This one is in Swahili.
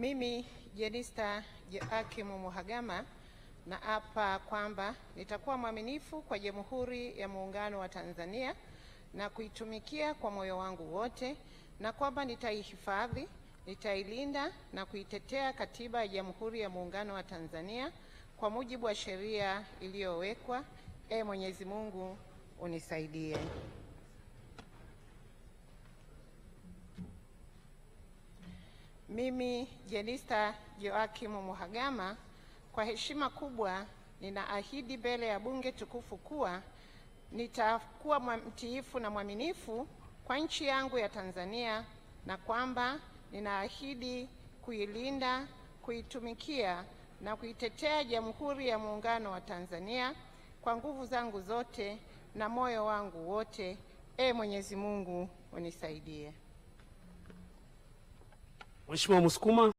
Mimi Jenista Joakimu Mhagama naapa kwamba nitakuwa mwaminifu kwa Jamhuri ya Muungano wa Tanzania na kuitumikia kwa moyo wangu wote, na kwamba nitaihifadhi, nitailinda na kuitetea Katiba ya Jamhuri ya Muungano wa Tanzania kwa mujibu wa sheria iliyowekwa. Ee Mwenyezi Mungu unisaidie. Mimi Jenista joakimu muhagama kwa heshima kubwa ninaahidi mbele ya bunge tukufu kuwa nitakuwa mtiifu na mwaminifu kwa nchi yangu ya Tanzania na kwamba ninaahidi kuilinda, kuitumikia na kuitetea Jamhuri ya Muungano wa Tanzania kwa nguvu zangu zote na moyo wangu wote. Ee Mwenyezi Mungu unisaidie. Mheshimiwa Musukuma